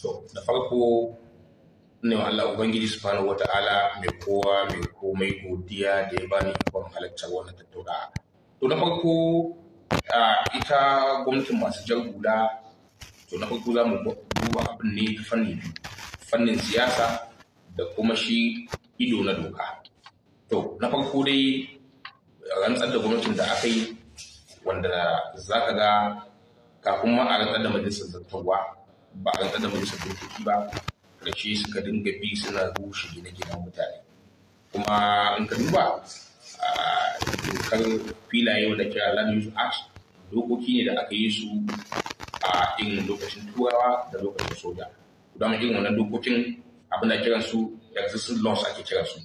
To, da farko ne wa Allah Ubangiji subhanahu wa ta'ala mai kowa mai komai godiya da ya bani ikon halartar wannan tattauna. To, na farko ita gwamnatin masu jan gula. to na farko za mu duba abin ne ta fannin siyasa da kuma shi ido na doka. To, na farko dai rantsar da gwamnatin da aka yi wanda za ka ga kafin ma a rantsar da majalisar zartarwa ba a gaza musu dokoki ba ƙarshe suka dinga bi suna rushe gine-ginen mutane kuma in ka duba dokar filaye wanda kira land use act dokoki ne da aka yi su a irin lokacin turawa da lokacin soja don irin wannan dokokin abin da kiran su existing laws ake kiran su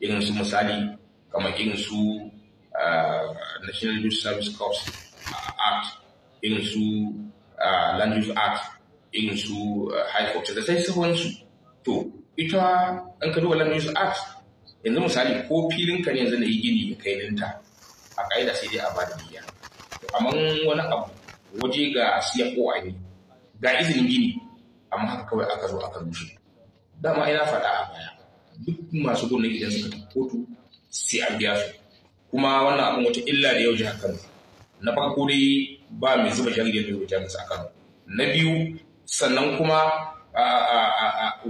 irin su misali kamar irin su national youth service corps act irin su land use act irin su eh, high da sai sauransu to ita an ka duba land use yanzu misali ko filin ka ne yanzu na yi gini ya kai ninta a ƙa'ida sai dai a bada da biya amma wani abu waje ga siya ko ne ga izinin gini amma haka kawai aka zo aka rushe dama ina faɗa a baya duk masu gona gidan suka tafi kotu sai an biya su kuma wannan abin wata illa da yau jihar Kano na farko dai ba mai zuba shari'a da wajen musu a Kano na biyu sannan kuma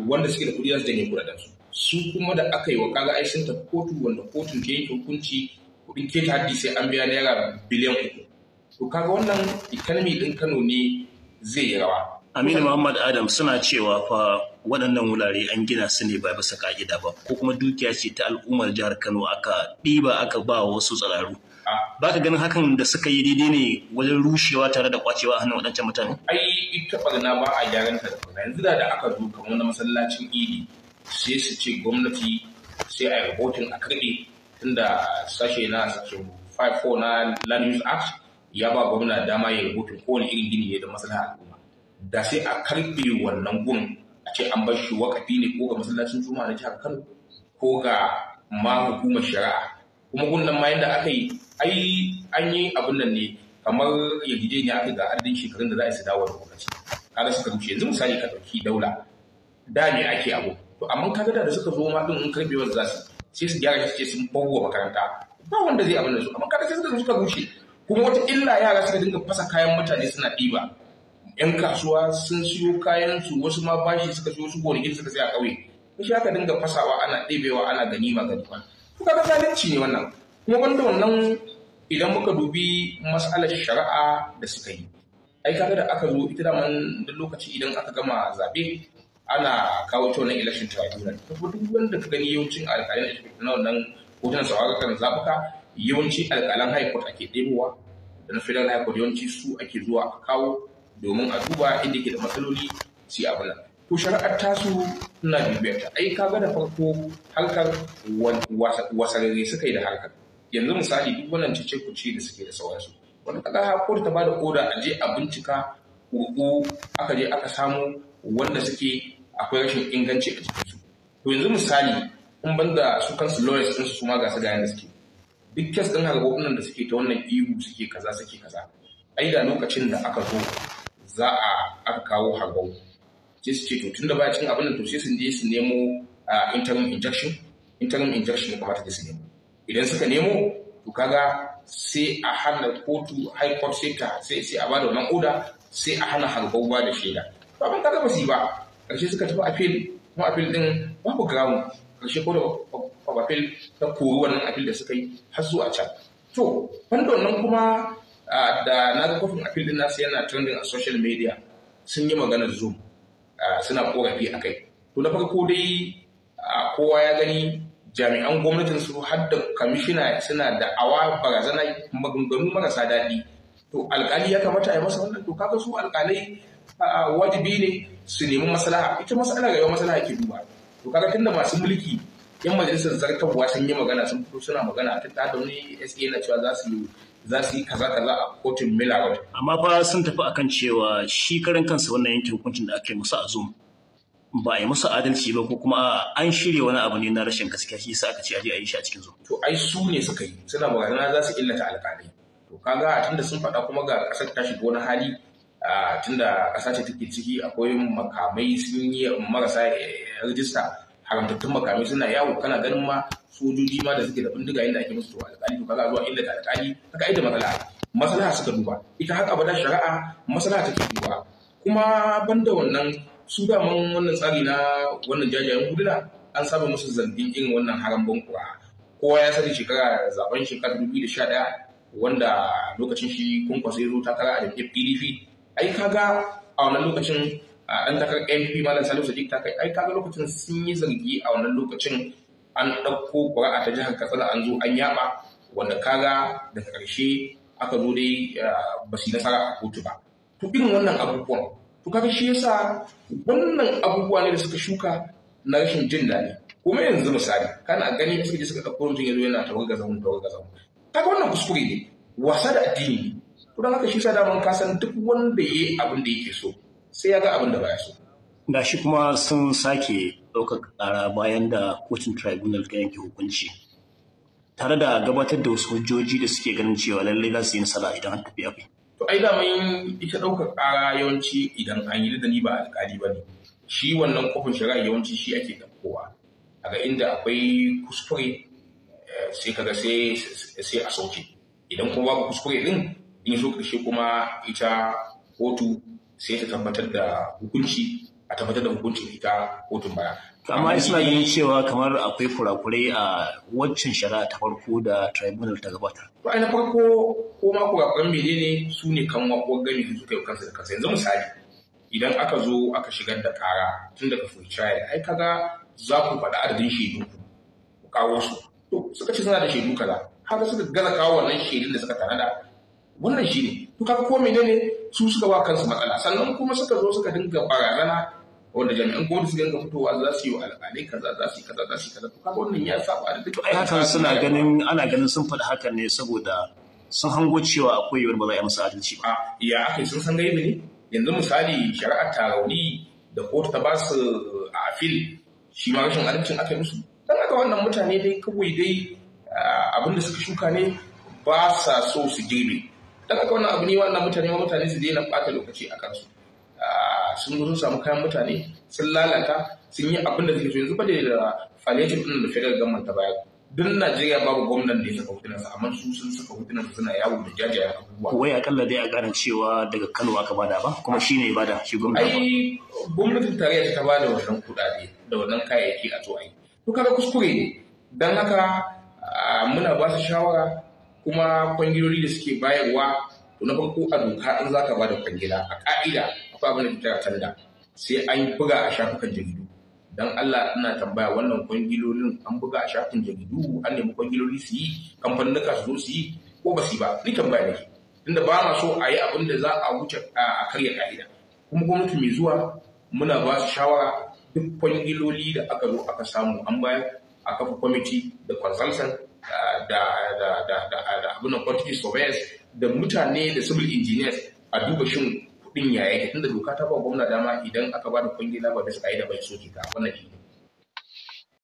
wanda suke da kuɗi za su janye da su kuma da aka yi wa kaga ai sun tafi kotu wanda kotun ta hukunci kuɗin keta haddi sai an biya naira biliyan uku to kaga wannan economy ɗin kano ne zai yi rawa Aminu Muhammad Adam suna cewa fa waɗannan wurare an gina su ne ba bisa ka'ida ba ko kuma dukiya ce ta al'ummar jihar Kano aka ɗiba aka ba wasu tsararru. ba ka ganin hakan da suka yi daidai ne wajen rushewa tare da kwacewa hannun waɗancan mutane ai ita barna ba a gyaran ta da yanzu da da aka zo kamar na masallacin idi sai su ce gwamnati sai a yi rahoton a karɓe tunda sashe na 5-4 na land use act ya ba gwamna dama ya rahoton kowane irin gini ne da masana al'umma da sai a karɓe wannan gun a ce an bar shi wakafi ne ko ga masallacin juma'a na jihar kano ko ga ma hukumar shari'a kuma gun nan ma yadda aka yi ai an yi abin nan ne kamar yarjejeniya aka ga adadin shekarun da za a su dawo da gwamnati kaga suka rushe yanzu misali ka ɗauki daula da ne ake abu to amma kaga da suka zo ma din in karbe wanda za su sai su gyara shi ce sun bawo makaranta ba wanda zai abin da su amma kaga sai suka rushe kuma wata illa yara suka dinga fasa kayan mutane suna ɗiba yan kasuwa sun siyo kayan su wasu ma bashi suka siyo su gonakin suka sai a ƙauye in aka dinga fasawa ana ɗebewa ana ganima ganima Kuka ga zalunci ne wannan kuma banda wannan idan muka dubi matsalar shari'a da suka yi ai kaga da aka zo ita daman duk lokaci idan aka gama zabe ana kawo ta wannan election tribunal duk wanda ka gani yawancin alƙalan na wannan hotunan sauraron kan zabuka yawanci alƙalan high court ake ɗebowa da na federal high court yawanci su ake zuwa a kawo domin a duba inda ke da matsaloli su yi abin to shari'ar tasu na bibiyar ta ai kaga da farko harkar wasarare suka yi da harkar yanzu misali duk wannan cece kuce da suke da sauransu wani kaga hakuri ta bada oda a je a bincika kurku aka je aka samu wanda suke akwai rashin inganci a cikin su to yanzu misali in banda su kansu lawyers din su ma ga su da yanda suke duk kes din gobin da suke ta wannan ihu suke kaza suke kaza ai da lokacin da aka zo za a aka kawo hagau ce su ce to tun da baya cikin abin da to sai sun je su nemo ah, interim injection interim injection ya kamata da su nemo idan suka nemo to kaga sai a hana kotu high court sai ta sai sai a bada wannan oda sai a hana harba'uwa da shaida ba ban kaga basi ba karshe suka tafi appeal kuma appeal din babu ground karshe ko da appeal ta koru wannan appeal da suka yi har zuwa can to bandon nan kuma da na ga kofin appeal din nasu yana trending a social media sun yi maganar zoom suna korafi a kai to na farko dai kowa ya gani jami'an gwamnatin su har da kamishina suna da awa barazana maganganu marasa daɗi to alƙali ya kamata a yi masa wannan to kaga su alƙalai wajibi ne su nemi maslaha ita maslaha ga yau maslaha ke duba to kaga tunda masu mulki yan majalisar zartarwa sun yi magana sun fito suna magana ta ta da wani SA na cewa za su yi za su yi kaza kaza a kotun Miller amma fa sun tafi akan cewa shi karan kansa wannan yankin hukuncin da ake musu a Zoom ba a yi musu adalci ba ko kuma an shirya wani abu ne na rashin gaskiya shi yasa aka ce aje a yi shi a cikin zo. To ai su ne suka yi suna magana za su illata alƙalai. To kaga da sun faɗa kuma ga ƙasar ta shiga wani hali da ƙasa ce take ciki akwai makamai sun yi marasa eh, rajista haramtattun makamai suna yawo kana ganin ma sojoji ma da suke da bindiga inda ake musu to alƙali to kaga zuwa illata alƙali haka ai matsala maslaha suka duba ita haka ba da shari'a maslaha take duba kuma banda wannan su daman wannan tsari na wannan jajayen huduna an saba musu zargin irin wannan haram kura kowa ya sani shekara zaben shekara 2011 wanda lokacin shi kwasa ya zo takara a jam'iyyar pdp ai kaga a wannan lokacin an takar mp malam salisu jik ta kai ai kaga lokacin sun yi zargi a wannan lokacin an ɗauko ƙuri'a ta jihar katsina an zo an yaba wanda kaga daga ƙarshe aka zo dai ba su nasara a kotu ba to irin wannan abubuwan to kaga shi yasa wannan abubuwa ne da suka shuka na rashin jin daɗi kuma yanzu misali kana gani suka suka suka ɗauko mutum ya zo yana tawaga zaun tawaga zaun kaga wannan kuskure ne wasa da addini ne to don haka shi yasa daman ka san duk wanda ya yi abin da yake so sai ya ga abin da baya so gashi kuma sun sake ɗaukar ƙara bayan da kotun tribunal ta yanke hukunci tare da gabatar da wasu hujjoji da suke ganin cewa lallai za su yi nasara idan an tafi abin to ai daman ita ɗaukar ƙara yawanci idan an yi da ni ba alƙali ba ne shi wannan kofin shari'a yawanci shi ake ɗaukowa ga inda akwai kuskure eh, sai kaga sai a sauke idan kuma babu kuskure ɗin in so ƙarshe kuma ita kotu sai ta tabbatar da hukunci a tabbatar da hukuncin ita kotun baya amma suna ganin cewa kamar akwai kurakurai a waccan shari'a ta farko da tribunal ta gabatar. To na farko ko ma kurakuran ne su ne kan wakuwar gami da suka yi kansa da kansa yanzu misali idan aka zo aka shigar da kara tun daga full trial ai kaga za ku faɗi adadin shaidu ku kawo su to suka ce suna da shaidu kaza haka suka gaza kawo wannan shaidun da suka tanada wannan shi ne to kaga ko ne su suka ba kansu matsala sannan kuma suka zo suka dinga barazana wanda jami'an gwamnati su ganga fitowa za su yi wa alƙalai kaza za su yi kaza za su yi kaza to kaga wannan ya saba da duk ai hakan suna ganin ana ganin sun faɗi hakan ne saboda sun hango cewa akwai yiwuwar ba za a yi musu adalci ba ya aka sun san gaibi ne yanzu misali shari'ar rauni da kotu ta ba su a afil shi ma rashin adalcin aka yi musu dan haka wannan mutane dai kawai dai abin da suka shuka ne ba sa so su girbe dan haka wannan abu ne wannan mutane wa mutane su daina ɓata lokaci a kansu sun zo sun samu kayan mutane sun lalata sun yi abin da suke so yanzu ba da da faliyacin din da federal government ta baya duk Najeriya babu gwamnan da ya saka hutunansa amma su sun saka hutunansa suna yawo da jajayen abubuwa. Wai akalla dai a gane cewa daga Kano aka bada ba kuma shi ne bada shi gwamnati. Ai gwamnatin tarayya ta bada wannan kuɗaɗe da wannan kayayyaki a zuwa yi. To kaga kuskure ne don haka muna ba su shawara kuma kwangiloli da suke bayarwa na farko a doka in za ka bada kwangila a ƙa'ida ba bane mutum a canza sai an buga a shafukan jaridu dan Allah ina tambaya wannan kwangilolin an buga a shafin jaridu an nemi kwangiloli su yi kamfanin su zo su yi ko ba su ba ni tambaya ne tunda ba ma so a yi abin da za a wuce a karya ka'ida kuma gwamnati mai zuwa muna ba su shawara duk kwangiloli da aka zo aka samu an bayar a kafa kwamiti da consultant da da quantity surveyors da mutane da civil engineers a duba shin din ya yake tunda doka ta ba gwamna dama idan aka ba da kwangila ba bisa da bai soke ka wannan